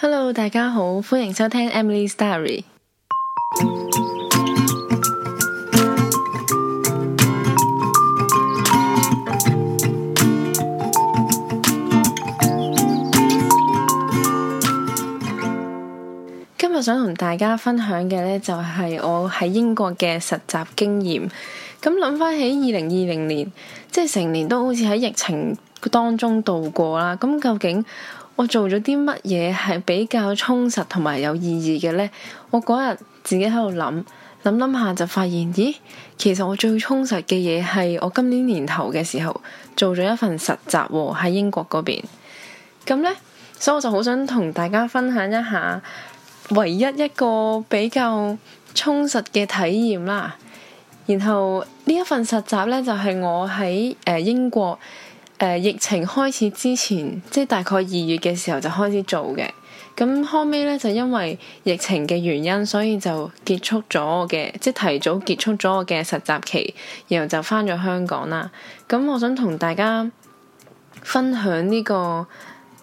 Hello，大家好，歡迎收聽 Emily's Diary。今日想同大家分享嘅呢，就係我喺英國嘅實習經驗。咁諗翻起二零二零年，即係成年都好似喺疫情當中度過啦。咁究竟？我做咗啲乜嘢係比較充實同埋有意義嘅呢？我嗰日自己喺度諗諗諗下，想想就發現咦，其實我最充實嘅嘢係我今年年頭嘅時候做咗一份實習喺英國嗰邊。咁呢，所以我就好想同大家分享一下唯一一個比較充實嘅體驗啦。然後呢一份實習呢，就係、是、我喺、呃、英國。呃、疫情開始之前，即係大概二月嘅時候就開始做嘅，咁後尾呢，就因為疫情嘅原因，所以就結束咗我嘅，即係提早結束咗我嘅實習期，然後就翻咗香港啦。咁我想同大家分享呢個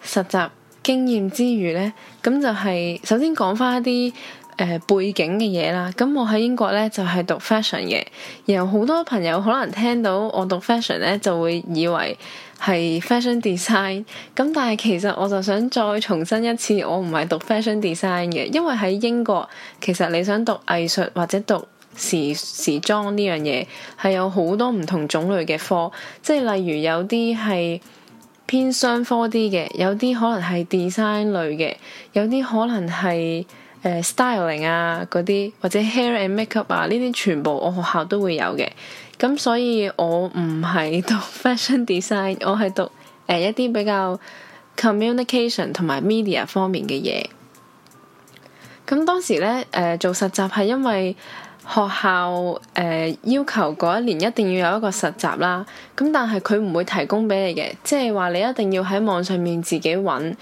實習經驗之餘呢，咁就係首先講翻一啲，呃、背景嘅嘢啦，咁我喺英國呢就係、是、讀 fashion 嘅，然後好多朋友可能聽到我讀 fashion 呢就會以為係 fashion design，咁但係其實我就想再重申一次，我唔係讀 fashion design 嘅，因為喺英國其實你想讀藝術或者讀時時裝呢樣嘢，係有好多唔同種類嘅科，即係例如有啲係偏商科啲嘅，有啲可能係 design 類嘅，有啲可能係誒、呃、styling 啊，嗰啲或者 hair and makeup 啊，呢啲全部我學校都會有嘅。咁所以我唔係讀 fashion design，我係讀誒、呃、一啲比較 communication 同埋 media 方面嘅嘢。咁當時咧誒、呃、做實習係因為學校誒、呃、要求嗰一年一定要有一個實習啦。咁但係佢唔會提供俾你嘅，即係話你一定要喺網上面自己揾。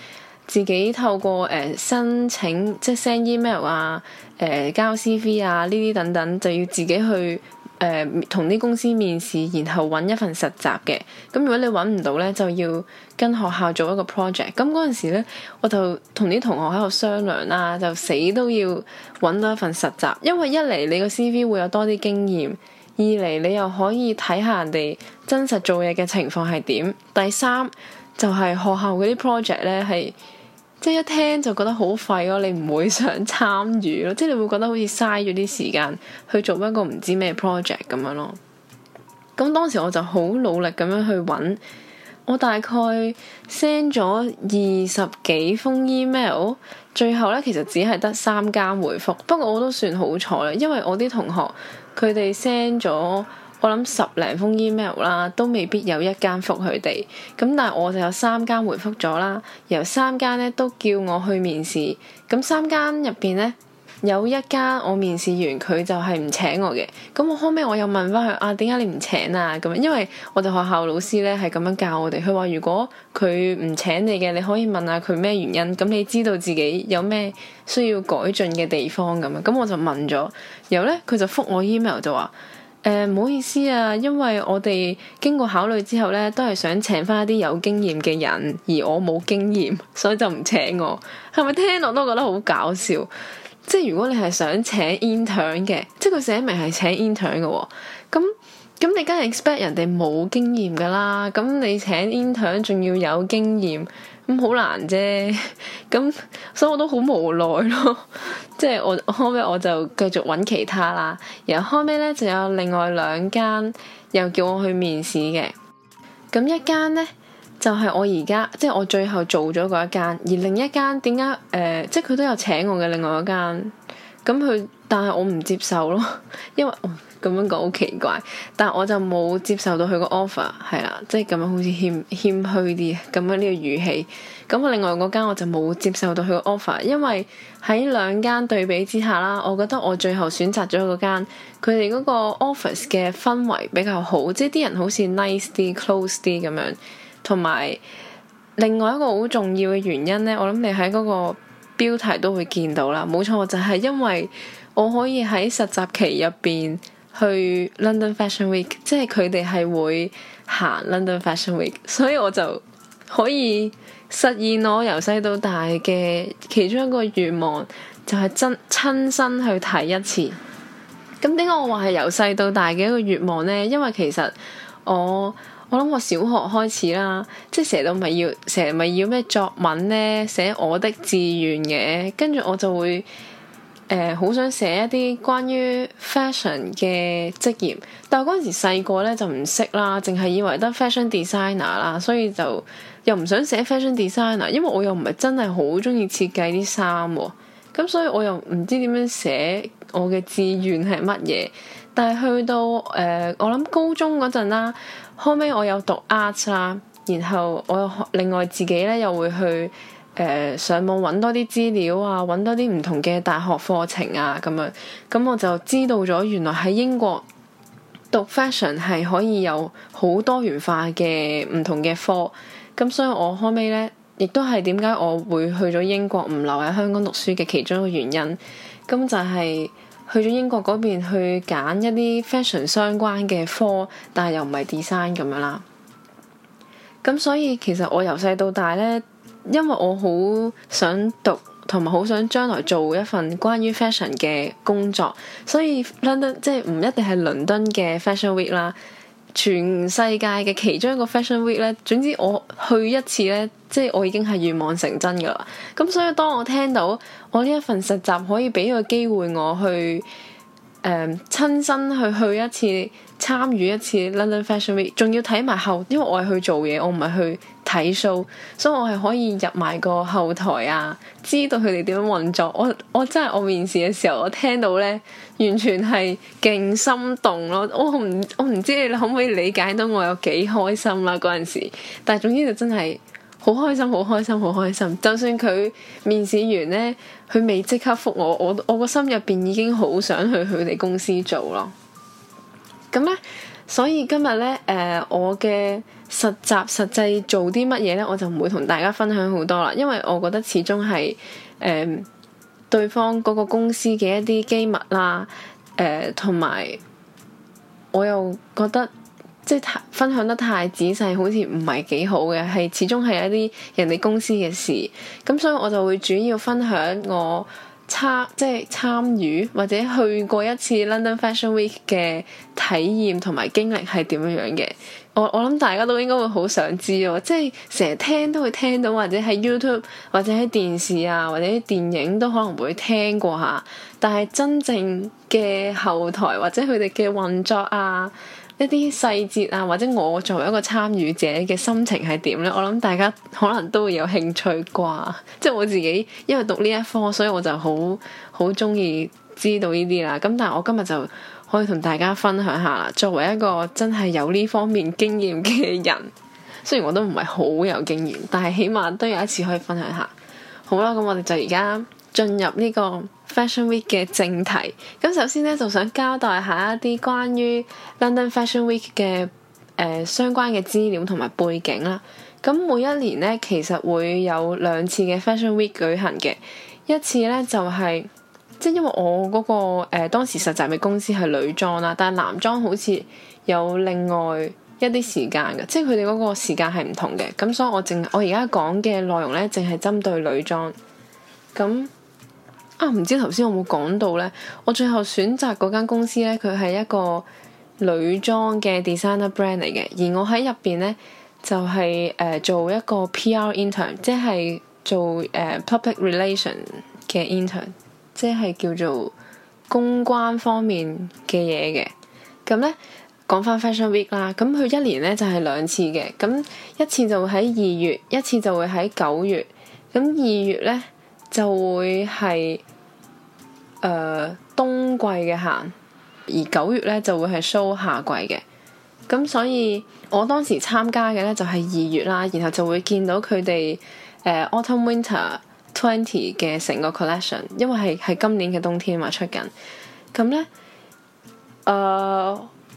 自己透過誒、呃、申請，即係 send email 啊、誒、呃、交 CV 啊呢啲等等，就要自己去誒同啲公司面試，然後揾一份實習嘅。咁如果你揾唔到呢，就要跟學校做一個 project。咁嗰陣時咧，我就同啲同學喺度商量啦，就死都要揾到一份實習，因為一嚟你個 CV 會有多啲經驗，二嚟你又可以睇下人哋真實做嘢嘅情況係點。第三就係、是、學校嗰啲 project 呢係。即係一聽就覺得好廢咯，你唔會想參與咯，即係你會覺得好似嘥咗啲時間去做一個唔知咩 project 咁樣咯。咁當時我就好努力咁樣去揾，我大概 send 咗二十幾封 email，最後呢其實只係得三間回覆。不過我都算好彩啦，因為我啲同學佢哋 send 咗。我諗十零封 email 啦，都未必有一間覆佢哋。咁但係我就有三間回覆咗啦，由三間咧都叫我去面試。咁三間入邊咧有一間我面試完，佢就係唔請我嘅。咁我後尾我又問翻佢啊，點解你唔請啊？咁因為我哋學校老師咧係咁樣教我哋，佢話如果佢唔請你嘅，你可以問下佢咩原因。咁你知道自己有咩需要改進嘅地方咁啊？咁我就問咗，然後咧佢就覆我 email 就話。誒，唔好意思啊，因為我哋經過考慮之後咧，都係想請翻一啲有經驗嘅人，而我冇經驗，所以就唔請我。係咪聽落都覺得好搞笑？即係如果你係想請 intern 嘅，即係佢寫明係請 intern 嘅，咁咁你梗係 expect 人哋冇經驗噶啦？咁你請 intern 仲要有經驗？咁好難啫，咁 所以我都好無奈咯。即 係我後尾我就繼續揾其他啦。然後後尾咧就有另外兩間又叫我去面試嘅。咁一間呢，就係、是、我而家即係我最後做咗嗰一間，而另一間點解誒？即係佢都有請我嘅另外一間，咁佢但係我唔接受咯，因為、哦咁樣講好奇怪，但係我就冇接受到佢個 offer 係啦，即係咁樣好似謙謙虛啲咁樣呢個語氣。咁啊，另外嗰間我就冇接受到佢個 offer，因為喺兩間對比之下啦，我覺得我最後選擇咗嗰間，佢哋嗰個 office 嘅氛圍比較好，即係啲人好似 nice 啲、close 啲咁樣。同埋另外一個好重要嘅原因呢，我諗你喺嗰個標題都會見到啦，冇錯，就係因為我可以喺實習期入邊去 London Fashion Week，即係佢哋係會行 London Fashion Week，所以我就可以實現我由細到大嘅其中一個願望，就係、是、真親身去睇一次。咁點解我話係由細到大嘅一個願望呢？因為其實我我諗我小學開始啦，即係成日都唔係要成日咪要咩作文呢，寫我的志願嘅，跟住我就會。誒好、呃、想寫一啲關於 fashion 嘅職業，但係嗰陣時細個咧就唔識啦，淨係以為得 fashion designer 啦，所以就又唔想寫 fashion designer，因為我又唔係真係好中意設計啲衫喎，咁所以我又唔知點樣寫我嘅志願係乜嘢，但係去到誒、呃、我諗高中嗰陣啦，後尾我又讀 art 啦，然後我又另外自己咧又會去。誒、呃、上網揾多啲資料啊，揾多啲唔同嘅大學課程啊，咁樣咁我就知道咗，原來喺英國讀 fashion 係可以有好多元化嘅唔同嘅科。咁所以我後尾呢，亦都係點解我會去咗英國唔留喺香港讀書嘅其中一個原因。咁就係去咗英國嗰邊去揀一啲 fashion 相關嘅科，但係又唔係 design 咁樣啦。咁所以其實我由細到大呢。因為我好想讀，同埋好想將來做一份關於 fashion 嘅工作，所以 London 即係唔一定係倫敦嘅 fashion week 啦，全世界嘅其中一個 fashion week 咧，總之我去一次咧，即係我已經係願望成真噶啦。咁所以當我聽到我呢一份實習可以俾個機會我去誒、呃、親身去去一次參與一次 London fashion week，仲要睇埋後，因為我係去做嘢，我唔係去。睇數，show，所以我係可以入埋個後台啊，知道佢哋點樣運作。我我真係我面試嘅時候，我聽到咧，完全係勁心動咯。我唔我唔知你可唔可以理解到我有幾開心啦嗰陣時。但係總之就真係好開心，好開心，好開心。就算佢面試完咧，佢未即刻復我，我我個心入邊已經好想去佢哋公司做咯。咁咧。所以今日咧，誒、呃，我嘅實習實際做啲乜嘢咧，我就唔會同大家分享好多啦，因為我覺得始終係誒、呃、對方嗰個公司嘅一啲機密啦，誒、呃，同埋我又覺得即係分享得太仔細，好似唔係幾好嘅，係始終係一啲人哋公司嘅事，咁所以我就會主要分享我。參即係參與或者去過一次 London Fashion Week 嘅體驗同埋經歷係點樣樣嘅？我我諗大家都應該會好想知喎，哦，即係成日聽都會聽到或者喺 YouTube 或者喺電視啊，或者啲電影都可能會聽過下。但係真正嘅後台或者佢哋嘅運作啊～一啲細節啊，或者我作為一個參與者嘅心情係點呢？我諗大家可能都會有興趣啩。即 係我自己，因為讀呢一科，所以我就好好鍾意知道呢啲啦。咁但係我今日就可以同大家分享下啦，作為一個真係有呢方面經驗嘅人，雖然我都唔係好有經驗，但係起碼都有一次可以分享下。好啦，咁我哋就而家進入呢個 Fashion Week 嘅正題，咁首先咧就想交代一下一啲關於 London Fashion Week 嘅誒、呃、相關嘅資料同埋背景啦。咁每一年咧其實會有兩次嘅 Fashion Week 舉行嘅，一次咧就係、是、即係因為我嗰、那個誒、呃、當時實習嘅公司係女裝啦，但係男裝好似有另外一啲時間嘅，即係佢哋嗰個時間係唔同嘅。咁所以我淨我而家講嘅內容咧，淨係針對女裝。咁。啊，唔知頭先有冇講到呢？我最後選擇嗰間公司呢，佢係一個女裝嘅 designer brand 嚟嘅，而我喺入邊呢，就係誒做一個 PR intern，即係做誒 public relation 嘅 intern，即係叫做公關方面嘅嘢嘅。咁呢，講翻 fashion week 啦，咁佢一年呢，就係兩次嘅，咁一次就會喺二月，一次就會喺九月。咁二月呢。就會係誒、呃、冬季嘅行，而九月咧就會係 show 夏季嘅。咁所以我當時參加嘅咧就係二月啦，然後就會見到佢哋、呃、Autumn Winter Twenty 嘅成個 collection，因為係係今年嘅冬天嘛出緊。咁咧誒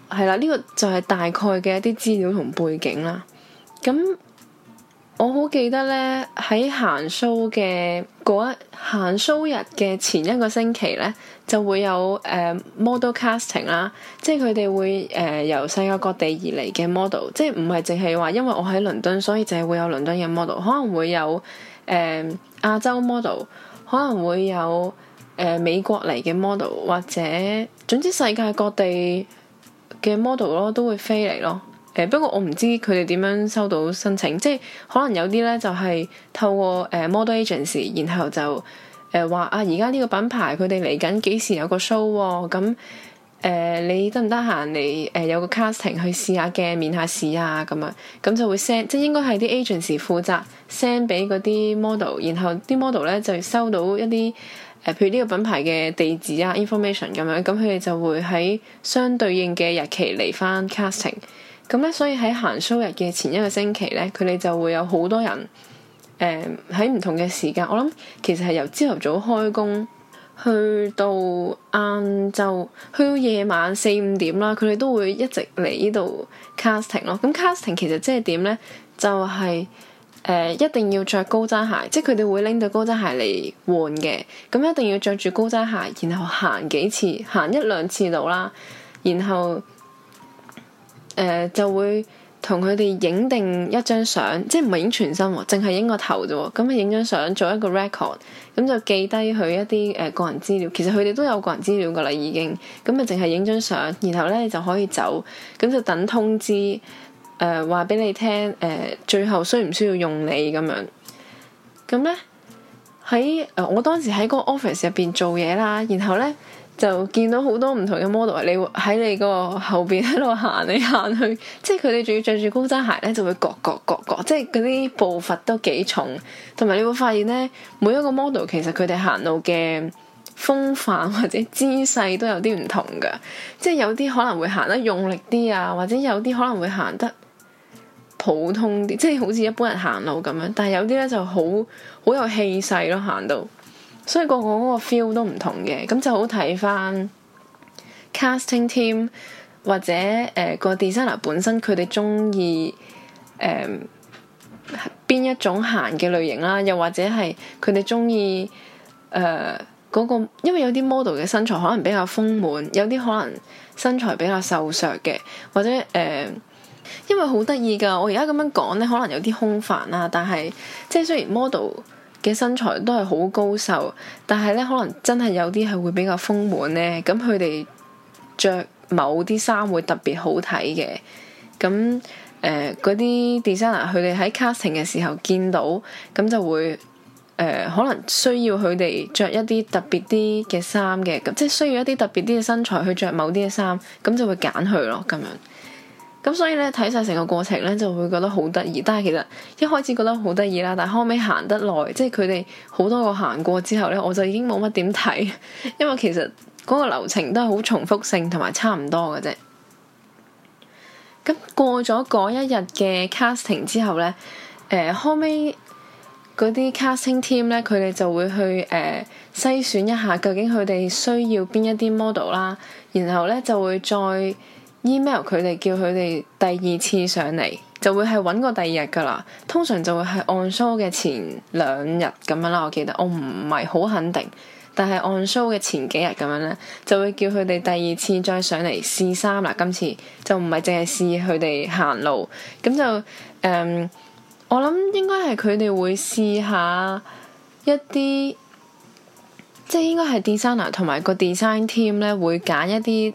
係啦，呢、呢個就係大概嘅一啲資料同背景啦。咁我好記得咧，喺行 show 嘅嗰一行 show 日嘅前一個星期咧，就會有誒、呃、model casting 啦，即係佢哋會誒、呃、由世界各地而嚟嘅 model，即係唔係淨係話因為我喺倫敦，所以淨係會有倫敦嘅 model，可能會有誒、呃、亞洲 model，可能會有誒、呃、美國嚟嘅 model，或者總之世界各地嘅 model 咯，都會飛嚟咯。誒不過我唔知佢哋點樣收到申請，即係可能有啲咧就係、是、透過誒、uh, model agency，然後就誒話、呃、啊，而家呢個品牌佢哋嚟緊幾時有個 show 喎、啊，咁、啊、誒你得唔得閒嚟誒有個 casting 去試下鏡、面下試啊咁啊，咁就會 send，即係應該係啲 agency 負責 send 俾嗰啲 model，然後啲 model 咧就收到一啲誒、呃、譬如呢個品牌嘅地址啊、information 咁樣，咁佢哋就會喺相對應嘅日期嚟翻 casting。咁咧，所以喺行 show 日嘅前一個星期咧，佢哋就會有好多人，誒喺唔同嘅時間。我諗其實係由朝頭早開工，去到晏晝，去到夜晚四五點啦，佢哋都會一直嚟呢度 casting 咯。咁 casting 其實即係點咧？就係、是、誒、呃、一定要着高踭鞋，即係佢哋會拎對高踭鞋嚟換嘅。咁一定要着住高踭鞋，然後行幾次，行一兩次度啦，然後。誒、呃、就會同佢哋影定一張相，即係唔係影全身喎，淨係影個頭啫喎。咁啊，影張相做一個 record，咁就記低佢一啲誒、呃、個人資料。其實佢哋都有個人資料噶啦，已經。咁啊，淨係影張相，然後咧就可以走，咁就等通知誒話俾你聽。誒、呃、最後需唔需要用你咁樣？咁咧喺誒，我當時喺個 office 入邊做嘢啦，然後咧。就見到好多唔同嘅 model 你喺你個後邊喺度行嚟行去，即係佢哋仲要着住高踭鞋咧，就會個個個個，即係嗰啲步伐都幾重。同埋你會發現呢，每一個 model 其實佢哋行路嘅風範或者姿勢都有啲唔同嘅，即係有啲可能會行得用力啲啊，或者有啲可能會行得普通啲，即係好似一般人行路咁樣。但係有啲咧就好好有氣勢咯，行到。所以個個嗰個 feel 都唔同嘅，咁就好睇翻 casting team 或者誒、呃那個 designer 本身佢哋中意誒邊一種閒嘅類型啦，又或者係佢哋中意誒嗰個，因為有啲 model 嘅身材可能比較豐滿，有啲可能身材比較瘦削嘅，或者誒、呃，因為好得意噶，我而家咁樣講咧，可能有啲空泛啦，但係即係雖然 model 嘅身材都係好高瘦，但係咧可能真係有啲係會比較豐滿咧。咁佢哋着某啲衫會特別好睇嘅。咁誒嗰啲 designer 佢哋喺 casting 嘅時候見到，咁就會誒可能需要佢哋着一啲特別啲嘅衫嘅，咁即係需要一啲特別啲嘅身材去着某啲嘅衫，咁就會揀佢咯，咁樣。咁所以咧睇晒成個過程咧就會覺得好得意，但係其實一開始覺得好得意啦，但係後尾行得耐，即係佢哋好多個行過之後咧，我就已經冇乜點睇，因為其實嗰個流程都係好重複性同埋差唔多嘅啫。咁過咗嗰一日嘅 casting 之後咧，誒、呃、後尾嗰啲 casting team 咧，佢哋就會去誒呃、篩選一下究竟佢哋需要邊一啲 model 啦，然後咧就會再。Email 佢哋叫佢哋第二次上嚟，就會係揾個第二日噶啦。通常就會係 on show 嘅前兩日咁樣啦。我記得我唔係好肯定，但係 on show 嘅前幾日咁樣呢，就會叫佢哋第二次再上嚟試衫啦。今次就唔係淨係試佢哋行路，咁就誒、嗯，我諗應該係佢哋會試下一啲，即係應該係 designer 同埋個 design team 咧會揀一啲。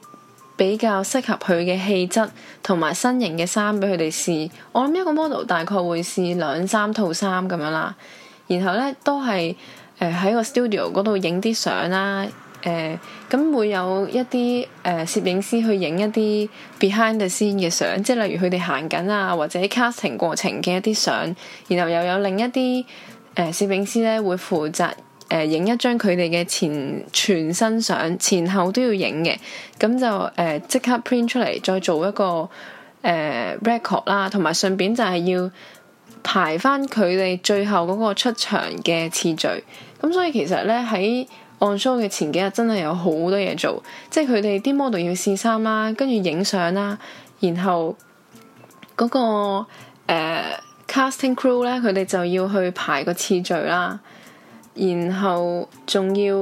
比較適合佢嘅氣質同埋身形嘅衫俾佢哋試。我諗一個 model 大概會試兩三套衫咁樣啦。然後呢，都係誒喺個 studio 嗰度影啲相啦。誒、呃、咁會有一啲誒、呃、攝影師去影一啲 behind the scene 嘅相，即係例如佢哋行緊啊，或者 casting 過程嘅一啲相。然後又有另一啲誒、呃、攝影師呢會負責。誒影一張佢哋嘅前全身相，前後都要影嘅，咁就誒即刻 print 出嚟，再做一個誒、呃、record 啦，同埋順便就係要排翻佢哋最後嗰個出場嘅次序。咁所以其實咧喺 on show 嘅前幾日，真係有好多嘢做，即係佢哋啲 model 要試衫啦，跟住影相啦，然後嗰個、呃、casting crew 咧，佢哋就要去排個次序啦。然後仲要，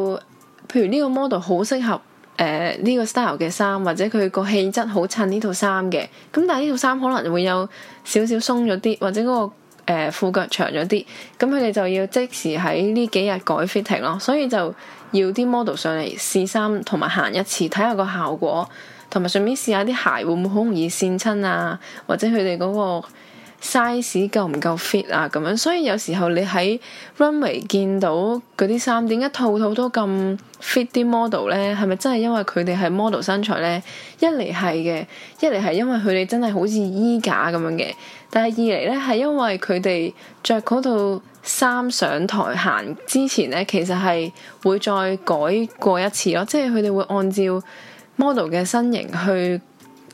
譬如呢個 model 好適合誒呢、呃這個 style 嘅衫，或者佢個氣質好襯呢套衫嘅。咁但係呢套衫可能會有少少鬆咗啲，或者嗰、那個誒褲腳長咗啲。咁佢哋就要即時喺呢幾日改 fitting 咯。所以就要啲 model 上嚟試衫同埋行一次，睇下個效果，同埋順便試下啲鞋會唔會好容易跣親啊，或者佢哋嗰個。size 夠唔夠 fit 啊咁樣，所以有時候你喺 runway 見到嗰啲衫點解套套都咁 fit 啲 model 咧？係咪真係因為佢哋係 model 身材咧？一嚟係嘅，一嚟係因為佢哋真係好似衣架咁樣嘅。但係二嚟咧係因為佢哋着嗰套衫上台行之前咧，其實係會再改過一次咯，即係佢哋會按照 model 嘅身形去。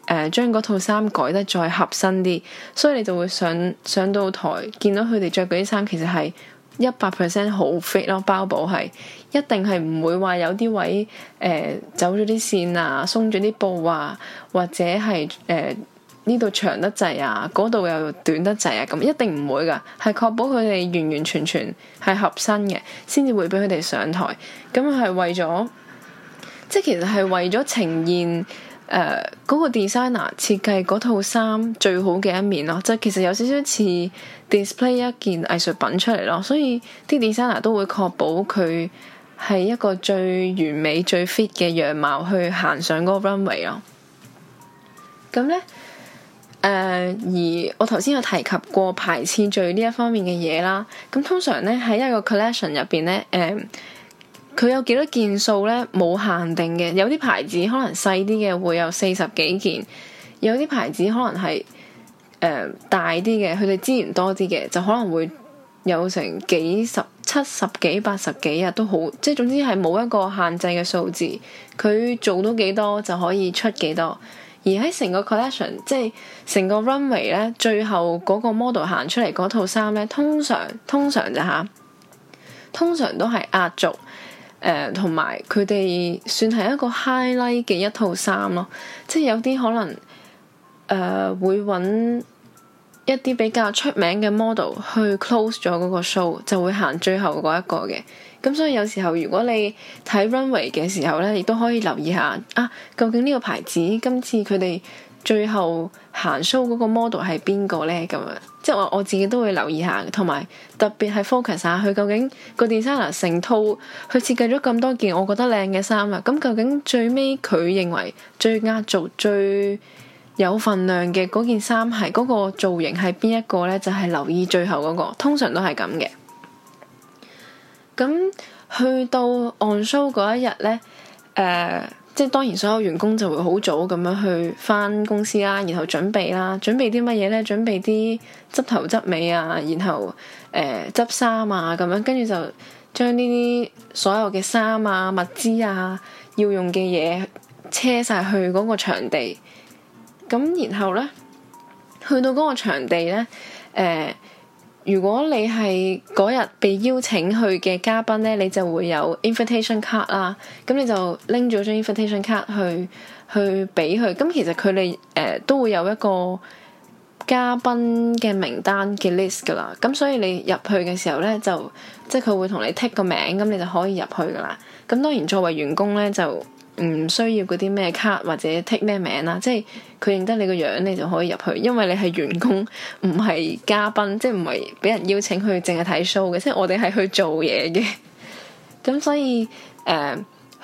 誒，將嗰、呃、套衫改得再合身啲，所以你就會上上到台，見到佢哋着嗰啲衫，其實係一百 percent 好 fit 咯，包保係一定係唔會話有啲位誒、呃、走咗啲線啊，鬆咗啲布啊，或者係誒呢度長得滯啊，嗰度又短得滯啊，咁一定唔會噶係確保佢哋完完全全係合身嘅，先至會俾佢哋上台。咁係為咗，即係其實係為咗呈現。誒嗰、呃、嗰個 designer 設計嗰套衫最好嘅一面咯，即係其實有少少似 display 一件藝術品出嚟咯，所以啲 designer 都會確保佢係一個最完美最 fit 嘅樣貌去行上嗰個 runway 咯。咁咧誒，而我頭先有提及過排次序呢一方面嘅嘢啦，咁、嗯、通常咧喺一個 collection 入邊咧誒。嗯佢有幾多件數呢？冇限定嘅，有啲牌子可能細啲嘅會有四十幾件，有啲牌子可能係誒、呃、大啲嘅，佢哋資源多啲嘅就可能會有成幾十七十幾、八十幾日都好，即係總之係冇一個限制嘅數字。佢做到幾多就可以出幾多。而喺成個 collection，即係成個 runway 呢，最後嗰個 model 行出嚟嗰套衫呢，通常通常就嚇、是、通常都係壓軸。誒同埋佢哋算係一個 highlight 嘅一套衫咯，即係有啲可能誒、呃、會揾一啲比較出名嘅 model 去 close 咗嗰個 show，就會行最後嗰一個嘅。咁所以有時候如果你睇 runway 嘅時候咧，亦都可以留意下啊，究竟呢個牌子今次佢哋最後行 show 嗰個 model 係邊個咧咁樣？即係我我自己都會留意下，同埋特別係 focus 下佢究竟個 designer 成套佢設計咗咁多件，我覺得靚嘅衫啊，咁究竟最尾佢認為最壓軸、最有份量嘅嗰件衫係嗰個造型係邊一個呢？就係、是、留意最後嗰、那個，通常都係咁嘅。咁去到 on show 嗰一日呢。誒、呃。即係當然，所有員工就會好早咁樣去翻公司啦，然後準備啦，準備啲乜嘢咧？準備啲執頭執尾啊，然後誒執衫啊，咁、呃、樣跟住就將呢啲所有嘅衫啊、物資啊、要用嘅嘢車晒去嗰個場地。咁然後咧，去到嗰個場地咧，誒、呃。如果你係嗰日被邀請去嘅嘉賓咧，你就會有 invitation card 啦。咁你就拎咗張 invitation card 去，去俾佢。咁其實佢哋誒都會有一個嘉賓嘅名單嘅 list 噶啦。咁所以你入去嘅時候咧，就即係佢會同你 tick 個名，咁你就可以入去噶啦。咁當然作為員工咧就。唔需要嗰啲咩卡或者剔咩名啦，即係佢認得你個樣，你就可以入去。因為你係員工，唔係嘉賓，即係唔係俾人邀請去，淨係睇 show 嘅。即係我哋係去做嘢嘅，咁 所以誒、呃、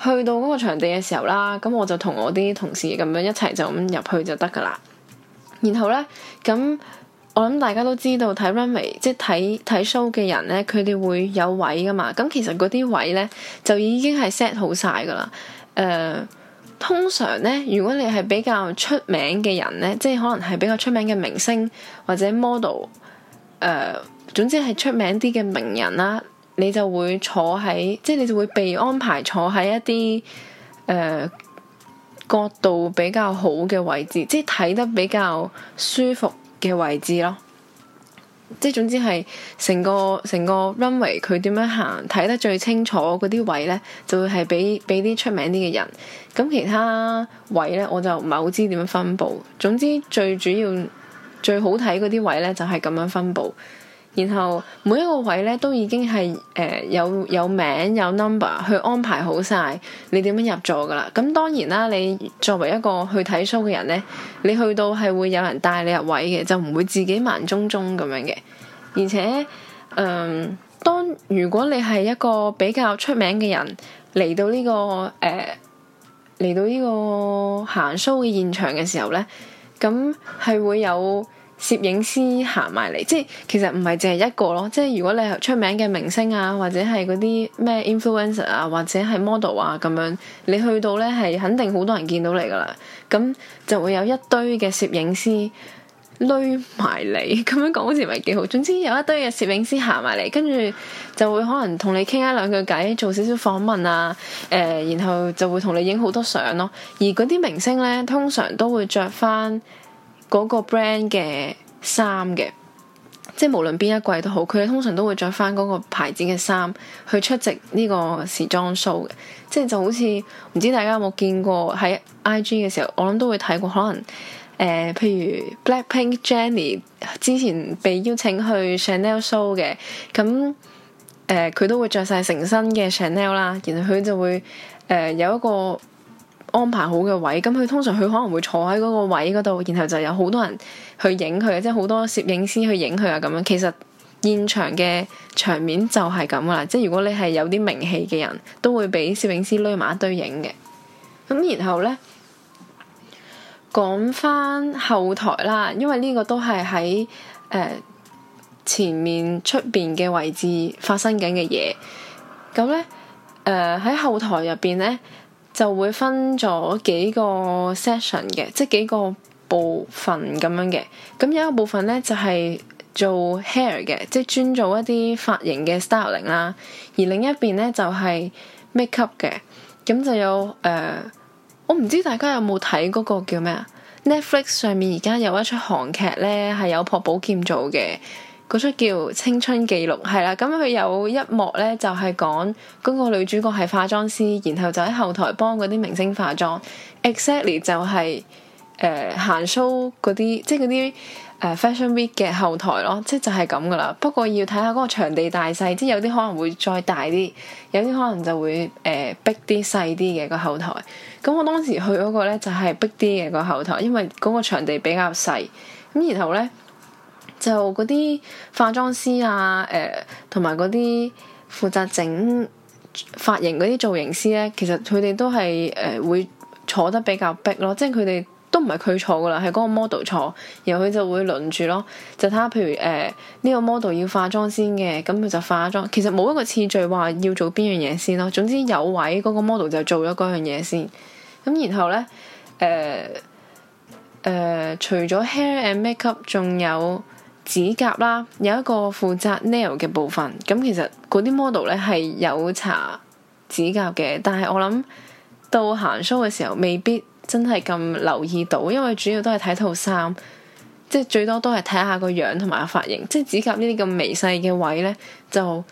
去到嗰個場地嘅時候啦，咁我就同我啲同事咁樣一齊就咁入去就得噶啦。然後呢，咁我諗大家都知道睇 runway 即係睇睇 show 嘅人呢，佢哋會有位噶嘛。咁其實嗰啲位呢，就已經係 set 好晒噶啦。誒、呃、通常咧，如果你係比較出名嘅人咧，即係可能係比較出名嘅明星或者 model，誒、呃、總之係出名啲嘅名人啦，你就會坐喺，即係你就會被安排坐喺一啲誒、呃、角度比較好嘅位置，即係睇得比較舒服嘅位置咯。即係總之係成個成個 runway 佢點樣行睇得最清楚嗰啲位咧，就會係俾俾啲出名啲嘅人。咁其他位咧，我就唔係好知點樣分佈。總之最主要最好睇嗰啲位咧，就係咁樣分佈。然後每一個位咧都已經係誒、呃、有有名有 number 去安排好晒你點樣入座噶啦。咁當然啦，你作為一個去睇 show 嘅人咧，你去到係會有人帶你入位嘅，就唔會自己盲中中咁樣嘅。而且，嗯、呃，當如果你係一個比較出名嘅人嚟到呢、這個誒嚟、呃、到呢個行 show 嘅現場嘅時候咧，咁係會有。攝影師行埋嚟，即係其實唔係淨係一個咯。即係如果你係出名嘅明星啊，或者係嗰啲咩 influencer 啊，或者係 model 啊咁樣，你去到呢，係肯定好多人見到你㗎喇。咁就會有一堆嘅攝影師攣埋你。咁樣講好似唔係幾好。總之有一堆嘅攝影師行埋嚟，跟住就會可能同你傾一兩句偈，做少少訪問啊。誒、呃，然後就會同你影好多相咯。而嗰啲明星呢，通常都會着返。嗰個 brand 嘅衫嘅，即係無論邊一季都好，佢哋通常都會着翻嗰個牌子嘅衫去出席呢個時裝 show 嘅，即係就好似唔知大家有冇見過喺 IG 嘅時候，我諗都會睇過，可能誒、呃、譬如 Blackpink Jennie 之前被邀請去 Chanel show 嘅，咁誒佢都會着晒成身嘅 Chanel 啦，然後佢就會誒、呃、有一個安排好嘅位，咁佢通常佢可能會坐喺嗰個位嗰度，然後就有好多人去影佢啊，即係好多攝影師去影佢啊咁樣。其實現場嘅場面就係咁啦，即係如果你係有啲名氣嘅人，都會俾攝影師匿埋一堆影嘅。咁然後呢，講翻後台啦，因為呢個都係喺、呃、前面出邊嘅位置發生緊嘅嘢。咁呢，誒、呃、喺後台入邊呢。就會分咗幾個 session 嘅，即係幾個部分咁樣嘅。咁有一個部分咧就係、是、做 hair 嘅，即係專做一啲髮型嘅 styling 啦。而另一邊咧就係、是、makeup 嘅。咁就有誒、呃，我唔知大家有冇睇嗰個叫咩啊？Netflix 上面而家有一出韓劇咧，係有朴寶劍做嘅。嗰出叫《青春記錄》，係啦，咁佢有一幕呢，就係講嗰個女主角係化妝師，然後就喺後台幫嗰啲明星化妝。Exactly 就係、是、誒、呃、行 show 嗰啲，即係嗰啲 fashion week 嘅後台咯，即係就係咁噶啦。不過要睇下嗰個場地大細，即係有啲可能會再大啲，有啲可能就會誒逼啲細啲嘅個後台。咁我當時去嗰個呢就係逼啲嘅個後台，因為嗰個場地比較細。咁然後呢。就嗰啲化妝師啊，誒同埋嗰啲負責整髮型嗰啲造型師咧，其實佢哋都係誒、呃、會坐得比較逼咯，即係佢哋都唔係佢坐噶啦，係嗰個 model 坐，然後佢就會輪住咯，就睇下譬如誒呢、呃這個 model 要化妝先嘅，咁佢就化下妝。其實冇一個次序話要做邊樣嘢先咯，總之有位嗰個 model 就做咗嗰樣嘢先。咁然後咧誒誒，除咗 hair and makeup，仲有。指甲啦，有一個負責 nail 嘅部分。咁其實嗰啲 model 咧係有搽指甲嘅，但係我諗到行 show 嘅時候未必真係咁留意到，因為主要都係睇套衫，即係最多都係睇下個樣同埋個髮型。即係指甲呢啲咁微細嘅位咧，就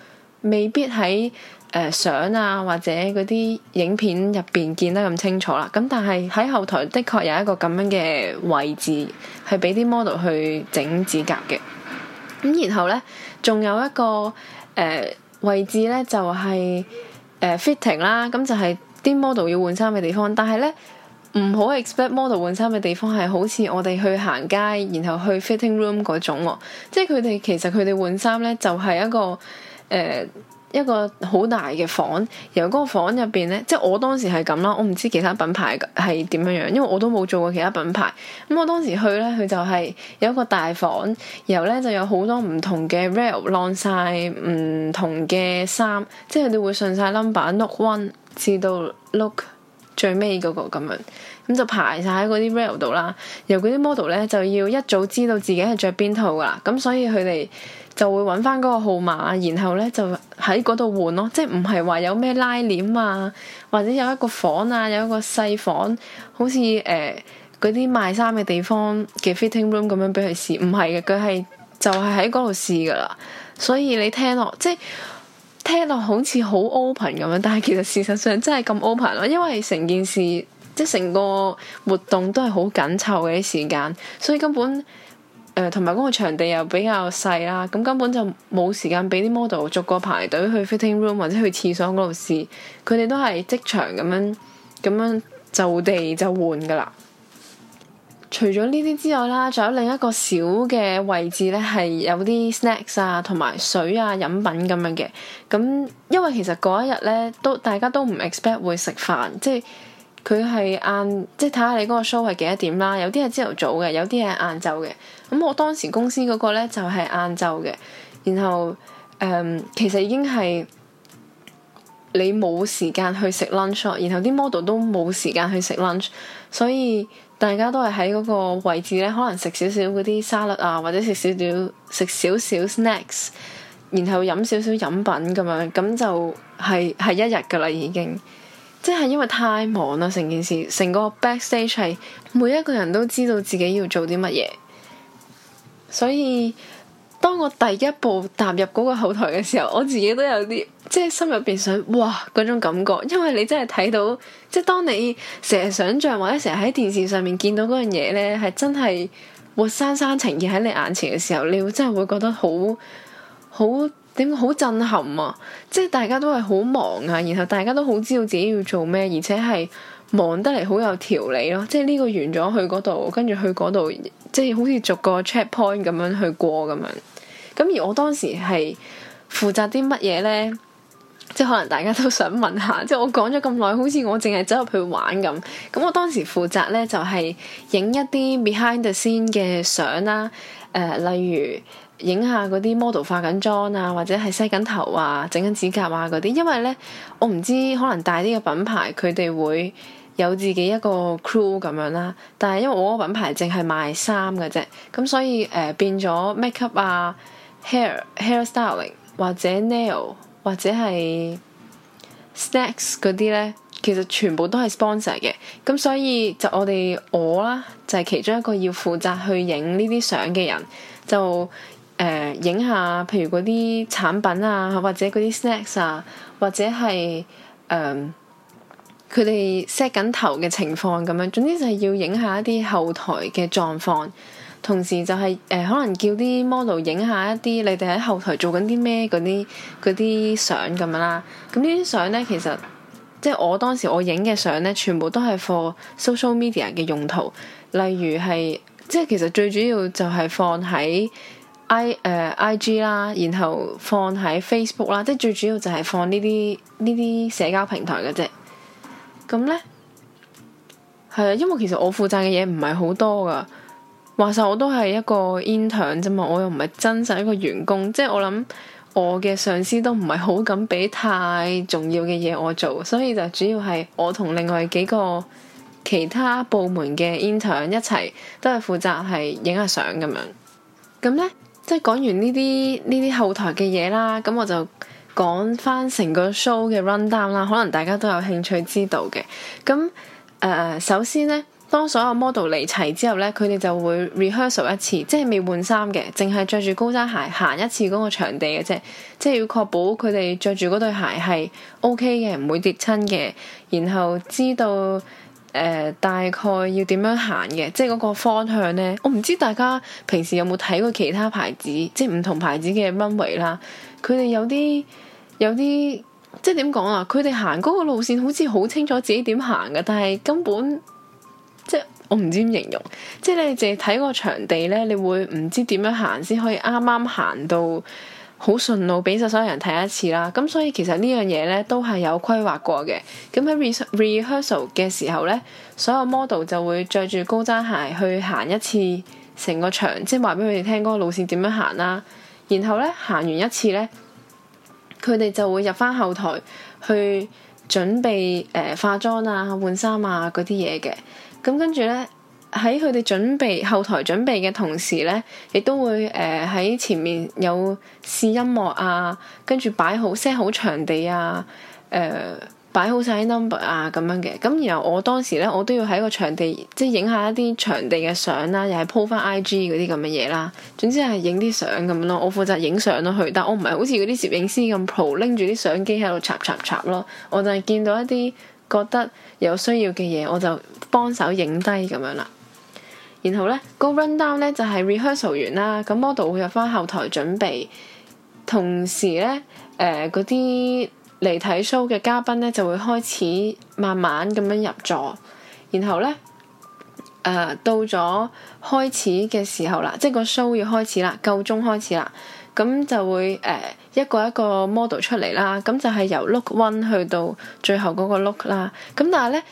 未必喺誒、呃，相啊，或者嗰啲影片入邊見得咁清楚啦。咁但係喺後台的確有一個咁樣嘅位置，係俾啲 model 去整指甲嘅。咁、嗯、然後呢，仲有一個誒、呃、位置呢，就係、是、誒、呃、fitting 啦。咁、嗯、就係啲 model 要換衫嘅地方。但係呢，唔好 expect model 換衫嘅地方係好似我哋去行街然後去 fitting room 嗰種、啊。即係佢哋其實佢哋換衫呢，就係、是、一個誒。呃一個好大嘅房，由嗰個房入邊呢，即係我當時係咁啦，我唔知其他品牌係點樣樣，因為我都冇做過其他品牌。咁我當時去呢，佢就係有一個大房，然後呢就有好多唔同嘅 rail 晾晒唔同嘅衫，即係佢會順晒 number look one 至到 look 最尾嗰個咁樣，咁就排晒喺嗰啲 rail 度啦。然後嗰啲 model 呢，就要一早知道自己係着邊套㗎喇，咁所以佢哋。就會揾翻嗰個號碼，然後呢就喺嗰度換咯，即係唔係話有咩拉鏈啊，或者有一個房啊，有一個細房，好似誒嗰啲賣衫嘅地方嘅 fitting room 咁樣俾佢試，唔係嘅，佢係就係喺嗰度試㗎喇。所以你聽落即係聽落好似好 open 咁樣，但係其實事實上真係咁 open 咯，因為成件事即係成個活動都係好緊湊嘅啲時間，所以根本。誒，同埋嗰個場地又比較細啦，咁根本就冇時間俾啲 model 逐個排隊去 fitting room 或者去廁所嗰度試，佢哋都係即場咁樣咁樣就地就換噶啦。除咗呢啲之外啦，仲有另一個小嘅位置咧，係有啲 snacks 啊，同埋水啊飲品咁樣嘅。咁因為其實嗰一日咧都大家都唔 expect 會食飯，即係佢係晏即係睇下你嗰個 show 係幾多點啦。有啲係朝頭早嘅，有啲係晏晝嘅。咁、嗯、我當時公司嗰個呢就係晏晝嘅，然後誒、嗯、其實已經係你冇時間去食 lunch，然後啲 model 都冇時間去食 lunch，所以大家都係喺嗰個位置呢，可能食少少嗰啲沙律啊，或者食少少食少少 snacks，然後飲少少飲品咁樣，咁就係、係、係一日噶啦已經，即係因為太忙啦，成件事成個 backstage 係每一個人都知道自己要做啲乜嘢。所以，當我第一步踏入嗰個後台嘅時候，我自己都有啲即係心入邊想，哇嗰種感覺，因為你真係睇到，即係當你成日想像或者成日喺電視上面見到嗰樣嘢咧，係真係活生生呈現喺你眼前嘅時候，你會真係會覺得好好點好震撼啊！即係大家都係好忙啊，然後大家都好知道自己要做咩，而且係。忙得嚟好有條理咯，即係呢個完咗去嗰度，跟住去嗰度，即係好似逐個 check point 咁樣去過咁樣。咁而我當時係負責啲乜嘢呢？即係可能大家都想問下，即係我講咗咁耐，好似我淨係走入去玩咁。咁我當時負責呢，就係、是、影一啲 behind the scene 嘅相啦，誒、呃，例如影下嗰啲 model 化緊妝啊，或者係洗緊頭啊、整緊指甲啊嗰啲。因為呢，我唔知可能大啲嘅品牌佢哋會。有自己一個 crew 咁樣啦，但係因為我個品牌淨係賣衫嘅啫，咁所以誒、呃、變咗 makeup 啊、hair、hair styling 或者 nail 或者係 snacks 嗰啲咧，其實全部都係 sponsor 嘅，咁所以就我哋我啦，就係、是、其中一個要負責去影呢啲相嘅人，就誒影、呃、下譬如嗰啲產品啊，或者嗰啲 snacks 啊，或者係誒。呃佢哋 set 緊頭嘅情況咁樣，總之就係要影下一啲後台嘅狀況，同時就係、是、誒、呃、可能叫啲 model 影下一啲你哋喺後台做緊啲咩嗰啲嗰啲相咁樣啦。咁呢啲相咧，其實即係我當時我影嘅相咧，全部都係 for social media 嘅用途，例如係即係其實最主要就係放喺 i 誒、呃、IG 啦，然後放喺 Facebook 啦，即係最主要就係放呢啲呢啲社交平台嘅啫。咁呢，係啊，因為其實我負責嘅嘢，唔係好多噶，話晒我都係一個 intern 啫嘛，我又唔係真實一個員工，即係我諗我嘅上司都唔係好敢俾太重要嘅嘢我做，所以就主要係我同另外幾個其他部門嘅 intern 一齊都係負責係影下相咁樣。咁呢，即係講完呢啲呢啲後台嘅嘢啦，咁我就。講翻成個 show 嘅 run down 啦，可能大家都有興趣知道嘅。咁誒、呃，首先呢，當所有 model 嚟齊之後呢，佢哋就會 rehearsal 一次，即係未換衫嘅，淨係着住高踭鞋行一次嗰個場地嘅啫。即係要確保佢哋着住嗰對鞋係 OK 嘅，唔會跌親嘅。然後知道誒、呃、大概要點樣行嘅，即係嗰個方向呢。我唔知大家平時有冇睇過其他牌子，即係唔同牌子嘅 runway 啦。佢哋有啲有啲即係點講啊？佢哋行嗰個路線好似好清楚自己點行嘅，但係根本即係我唔知點形容。即係你淨係睇個場地咧，你會唔知點樣行先可以啱啱行到好順路，俾晒所有人睇一次啦。咁所以其實呢樣嘢咧都係有規劃過嘅。咁喺 re rehearsal 嘅時候咧，所有 model 就會着住高踭鞋去行一次成個場，即係話俾佢哋聽嗰個路線點樣行啦。然後咧行完一次咧，佢哋就會入翻後台去準備誒、呃、化妝啊、換衫啊嗰啲嘢嘅。咁、嗯、跟住咧喺佢哋準備後台準備嘅同時咧，亦都會誒喺、呃、前面有試音樂啊，跟住擺好 set 好場地啊，誒、呃。擺好晒 number 啊咁樣嘅，咁然後我當時呢，我都要喺個場地即係影下一啲場地嘅相啦，又係 po 翻 IG 嗰啲咁嘅嘢啦，總之係影啲相咁樣咯。我負責影相咯，去得我唔係好似嗰啲攝影師咁 pro 拎住啲相機喺度插插插咯，我就係見到一啲覺得有需要嘅嘢，我就幫手影低咁樣啦。然後呢，這個 run down 呢，就係、是、rehearsal 完啦，咁 model 會入翻後台準備，同時呢，誒嗰啲。嚟睇 show 嘅嘉賓咧，就會開始慢慢咁樣入座，然後咧，誒、呃、到咗開始嘅時候啦，即係個 show 要開始啦，夠鐘開始啦，咁就會誒、呃、一個一個 model 出嚟啦，咁就係由 look one 去到最後嗰個 look 啦。咁但係咧，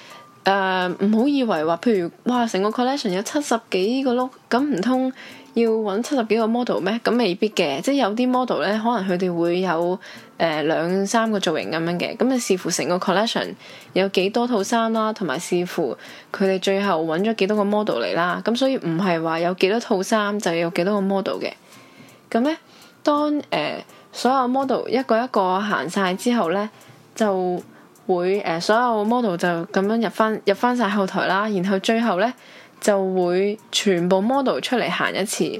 誒唔好以為話，譬如哇，成個 collection 有七十幾個 look，咁唔通，要揾七十幾個 model 咩？咁未必嘅，即係有啲 model 咧，可能佢哋會有誒兩三個造型咁樣嘅。咁咪，視乎成個 collection 有幾多套衫啦，同埋視乎佢哋最後揾咗幾多個 model 嚟啦。咁所以唔係話有幾多套衫就要有幾多個 model 嘅。咁呢，當誒、呃、所有 model 一個一個行晒之後呢，就會誒、呃、所有 model 就咁樣入翻入翻晒後台啦。然後最後呢，就會全部 model 出嚟行一次，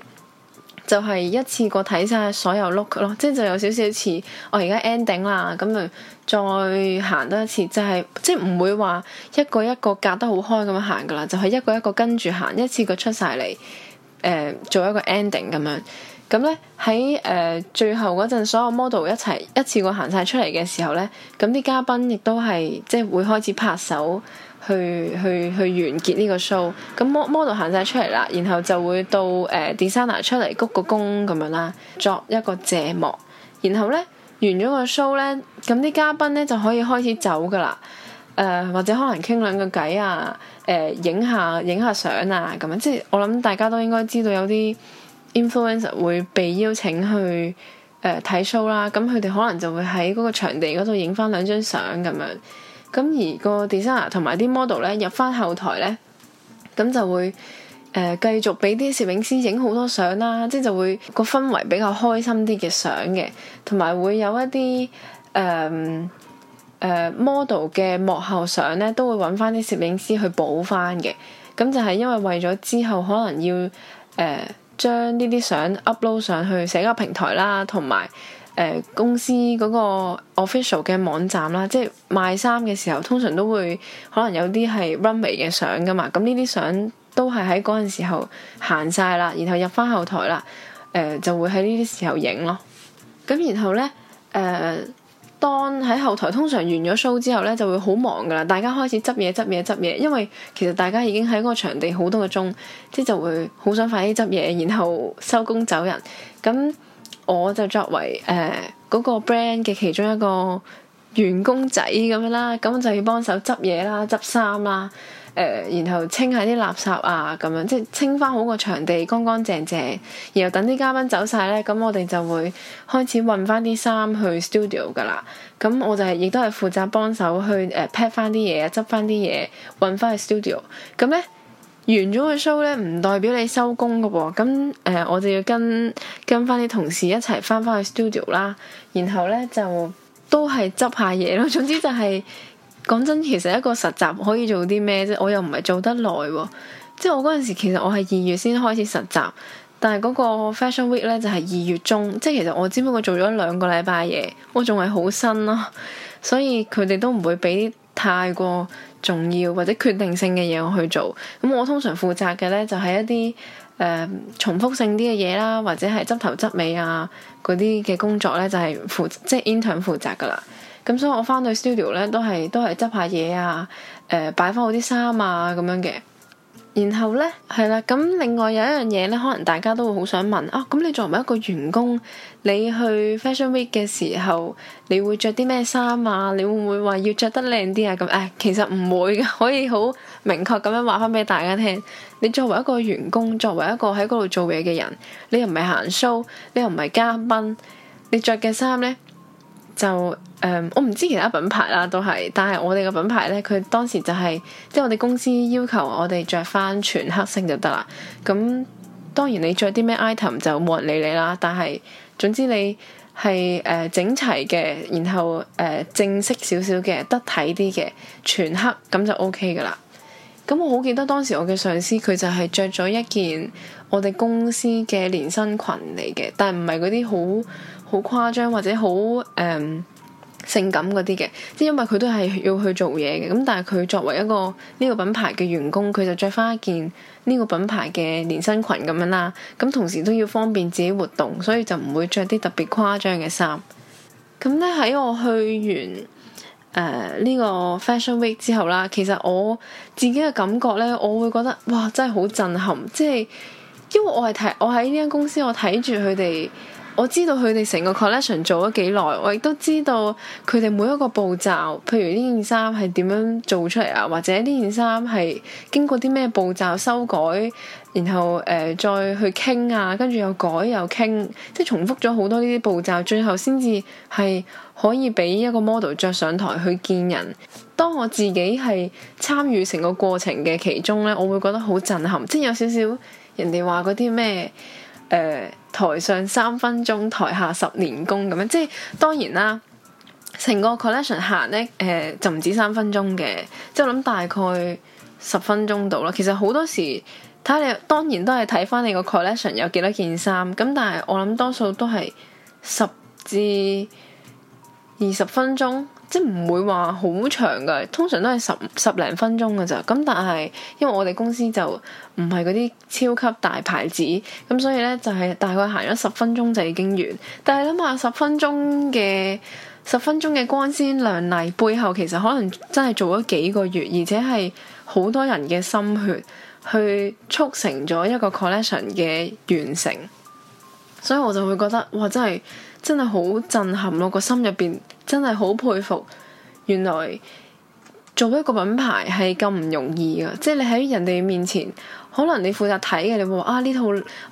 就係一次過睇晒所有 look 咯，即係就有少少似我而家 ending 啦，咁就再行多一次，就係即係唔會話一個一個隔得好開咁樣行噶啦，就係一個一個跟住行，一次過出晒嚟，誒做一個 ending 咁樣。咁咧喺誒最後嗰陣，所有 model 一齊一次過行晒出嚟嘅時候咧，咁啲嘉賓亦都係即係會開始拍手。去去去完結呢個 show，咁 model 行晒出嚟啦，然後就會到誒、呃、 designer 出嚟鞠個躬咁樣啦，作一個謝幕。然後呢，完咗個 show 呢，咁啲嘉賓呢就可以開始走噶啦、呃。或者可能傾兩個偈啊，誒、呃、影下影下相啊咁樣。即係我諗大家都應該知道有啲 influencer 會被邀請去誒睇、呃、show 啦，咁佢哋可能就會喺嗰個場地嗰度影翻兩張相咁樣。咁而個 designer 同埋啲 model 咧入翻後台咧，咁就會誒繼、呃、續俾啲攝影師影好多相啦，即係就會個氛圍比較開心啲嘅相嘅，同埋會有一啲誒誒、呃呃、model 嘅幕後相咧，都會揾翻啲攝影師去補翻嘅。咁就係因為為咗之後可能要誒將呢啲相 upload 上去社交平台啦，同埋，誒、呃、公司嗰個 official 嘅網站啦，即係賣衫嘅時候，通常都會可能有啲係 runway 嘅相噶嘛。咁呢啲相都係喺嗰陣時候行晒啦，然後入翻後台啦，誒、呃、就會喺呢啲時候影咯。咁然後呢，誒、呃、當喺後台通常完咗 show 之後呢，就會好忙噶啦。大家開始執嘢執嘢執嘢，因為其實大家已經喺嗰個場地好多個鐘，即係就會好想快啲執嘢，然後收工走人。咁我就作為誒嗰、呃那個 brand 嘅其中一個員工仔咁樣啦，咁就要幫手執嘢啦、執衫啦，誒、呃，然後清下啲垃圾啊，咁樣即係清翻好個場地乾乾淨淨，然後等啲嘉賓走晒咧，咁我哋就會開始運翻啲衫去 studio 噶啦，咁我就係、是、亦都係負責幫手去誒 pack 翻啲嘢啊、執翻啲嘢、運翻去 studio，咁咧。完咗個 show 咧，唔代表你收工㗎喎，咁誒、呃，我就要跟跟翻啲同事一齊翻翻去 studio 啦，然後咧就都係執下嘢咯。總之就係、是、講真，其實一個實習可以做啲咩啫？我又唔係做得耐，即係我嗰陣時其實我係二月先開始實習，但係嗰個 Fashion Week 咧就係、是、二月中，即係其實我只不過做咗兩個禮拜嘢，我仲係好新咯，所以佢哋都唔會俾太過。重要或者決定性嘅嘢我去做，咁我通常負責嘅呢，就係、是、一啲誒、呃、重複性啲嘅嘢啦，或者係執頭執尾啊嗰啲嘅工作呢，就係負即係 intern 負責噶啦，咁、就是、所以我翻到 studio 呢，都係都係執下嘢啊，誒擺翻好啲衫啊咁樣嘅，然後呢，係啦，咁另外有一樣嘢呢，可能大家都會好想問啊，咁你作為一個員工，你去 Fashion Week 嘅時候，你會着啲咩衫啊？你會唔會話要着得靚啲啊？咁唉，其實唔會嘅，可以好明確咁樣話翻俾大家聽。你作為一個員工，作為一個喺嗰度做嘢嘅人，你又唔係行 show，你又唔係嘉賓，你着嘅衫呢，就誒、呃，我唔知其他品牌啦，都係，但係我哋嘅品牌呢，佢當時就係、是、即係我哋公司要求我哋着翻全黑色就得啦。咁當然你着啲咩 item 就冇人理你啦，但係。總之你係誒、呃、整齊嘅，然後誒、呃、正式少少嘅，得體啲嘅，全黑咁就 OK 嘅啦。咁我好記得當時我嘅上司佢就係着咗一件我哋公司嘅連身裙嚟嘅，但係唔係嗰啲好好誇張或者好誒、呃、性感嗰啲嘅，即係因為佢都係要去做嘢嘅。咁但係佢作為一個呢、這個品牌嘅員工，佢就着返一件。呢個品牌嘅連身裙咁樣啦，咁同時都要方便自己活動，所以就唔會着啲特別誇張嘅衫。咁咧，喺我去完誒呢、呃呢個 Fashion Week 之後啦，其實我自己嘅感覺咧，我會覺得哇，真係好震撼！即係，因為我係睇我喺呢間公司，我睇住佢哋。我知道佢哋成個 collection 做咗幾耐，我亦都知道佢哋每一個步驟，譬如呢件衫係點樣做出嚟啊，或者呢件衫係經過啲咩步驟修改，然後誒、呃、再去傾啊，跟住又改又傾，即係重複咗好多呢啲步驟，最後先至係可以俾一個 model 着上台去見人。當我自己係參與成個過程嘅其中咧，我會覺得好震撼，即係有少少人哋話嗰啲咩誒。呃台上三分鐘，台下十年功咁樣，即係當然啦。成個 collection 行咧，誒、呃、就唔止三分鐘嘅，即係我諗大概十分鐘到啦。其實好多時睇下你，當然都係睇翻你個 collection 有幾多件衫咁，但係我諗多數都係十至二十分鐘。即唔會話好長嘅，通常都係十十零分鐘嘅咋。咁但係因為我哋公司就唔係嗰啲超級大牌子，咁所以呢，就係大概行咗十分鐘就已經完。但係諗下十分鐘嘅十分鐘嘅光鮮亮麗背後，其實可能真係做咗幾個月，而且係好多人嘅心血去促成咗一個 collection 嘅完成。所以我就會覺得，哇！真係～真係好震撼咯！個心入邊真係好佩服，原來做一個品牌係咁唔容易噶。即係你喺人哋面前，可能你負責睇嘅，你會話啊呢套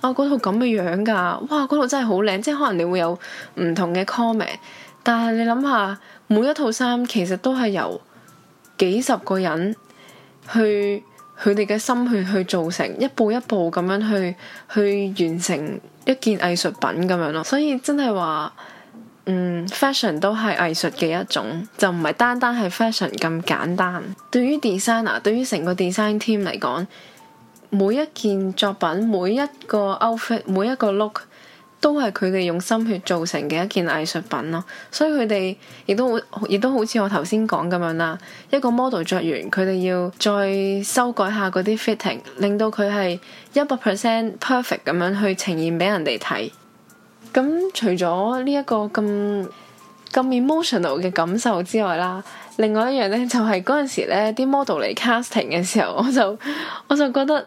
啊嗰套咁嘅樣噶，哇嗰套真係好靚！即係可能你會有唔同嘅 comment，但係你諗下，每一套衫其實都係由幾十個人去。佢哋嘅心血去做成，一步一步咁樣去去完成一件藝術品咁樣咯。所以真係話，嗯，fashion 都係藝術嘅一種，就唔係單單係 fashion 咁簡單。對於 designer，對於成個 design team 嚟講，每一件作品，每一個 outfit，每一個 look。都係佢哋用心血做成嘅一件藝術品咯，所以佢哋亦都好，亦都好似我頭先講咁樣啦。一個 model 着完，佢哋要再修改下嗰啲 fitting，令到佢係一百 percent perfect 咁樣去呈現俾人哋睇。咁除咗呢一個咁咁 emotional 嘅感受之外啦，另外一樣呢，就係嗰陣時呢啲 model 嚟 casting 嘅時候，我就我就覺得。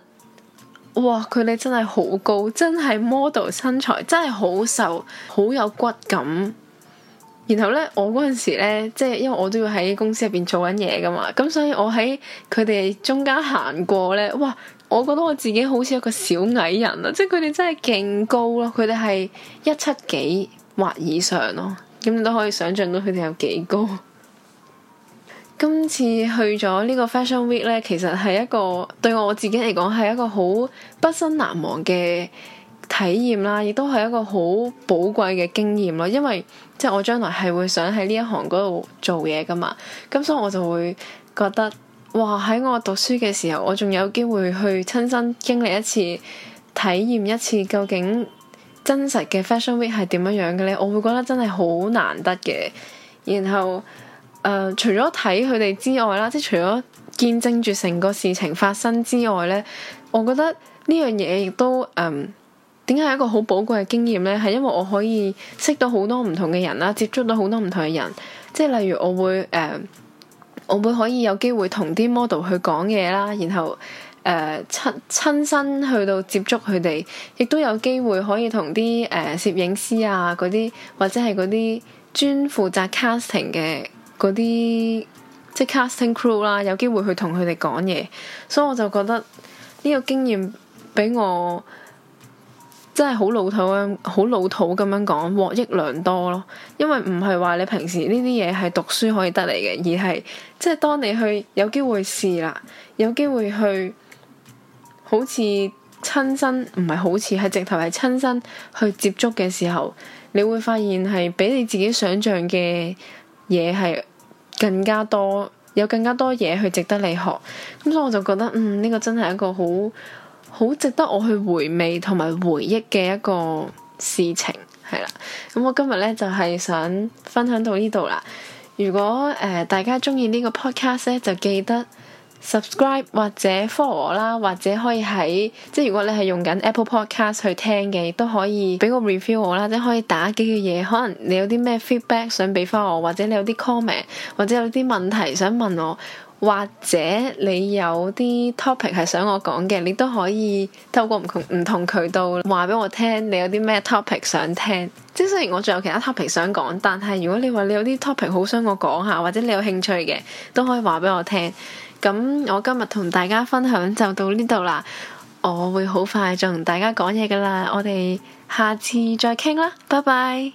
哇！佢哋真係好高，真係 model 身材，真係好瘦，好有骨感。然後呢，我嗰陣時呢，即係因為我都要喺公司入邊做緊嘢噶嘛，咁所以我喺佢哋中間行過呢。哇！我覺得我自己好似一個小矮人啊！即係佢哋真係勁高咯，佢哋係一七幾或以上咯，咁你都可以想象到佢哋有幾高。今次去咗呢個 Fashion Week 咧，其實係一個對我自己嚟講係一個好畢生難忘嘅體驗啦，亦都係一個好寶貴嘅經驗咯。因為即係我將來係會想喺呢一行嗰度做嘢噶嘛，咁、嗯、所以我就會覺得，哇！喺我讀書嘅時候，我仲有機會去親身經歷一次、體驗一次，究竟真實嘅 Fashion Week 係點樣樣嘅咧？我會覺得真係好難得嘅，然後。誒、呃，除咗睇佢哋之外啦，即係除咗見證住成個事情發生之外咧，我覺得呢樣嘢亦都誒點解係一個好寶貴嘅經驗咧？係因為我可以識到好多唔同嘅人啦，接觸到好多唔同嘅人，即係例如我會，誒、呃，我會可以有機會同啲 model 去講嘢啦，然後誒，親親身去到接觸佢哋，亦都有機會可以同啲誒攝影師啊，嗰啲或者係嗰啲專負責 casting 嘅嗰啲即係 casting crew 啦，有機會去同佢哋講嘢，所以我就覺得呢個經驗俾我真係好老土，好老土咁樣講獲益良多咯。因為唔係話你平時呢啲嘢係讀書可以得嚟嘅，而係即係當你去有機會試啦，有機會去好似親身，唔係好似係直頭係親身去接觸嘅時候，你會發現係比你自己想象嘅嘢係更加多，有更加多嘢，去值得你學，咁所以我就覺得嗯，呢個真係一個好好值得我去回味同埋回憶嘅一個事情係啦。咁我今日咧就係想分享到呢度啦。如果誒、呃、大家中意呢個 podcast 咧，就記得。Subscribe 或者 follow 我啦，或者可以喺即係如果你係用緊 Apple Podcast 去聽嘅，亦都可以俾個 review 我啦，即可以打幾個嘢，可能你有啲咩 feedback 想俾翻我，或者你有啲 comment，或者有啲問題想問我，或者你有啲 topic 係想我講嘅，你都可以透過唔同唔同渠道話俾我聽，你有啲咩 topic 想聽？即係雖然我仲有其他 topic 想講，但係如果你話你有啲 topic 好想我講下，或者你有興趣嘅，都可以話俾我聽。咁我今日同大家分享就到呢度啦，我會好快就同大家講嘢噶啦，我哋下次再傾啦，拜拜。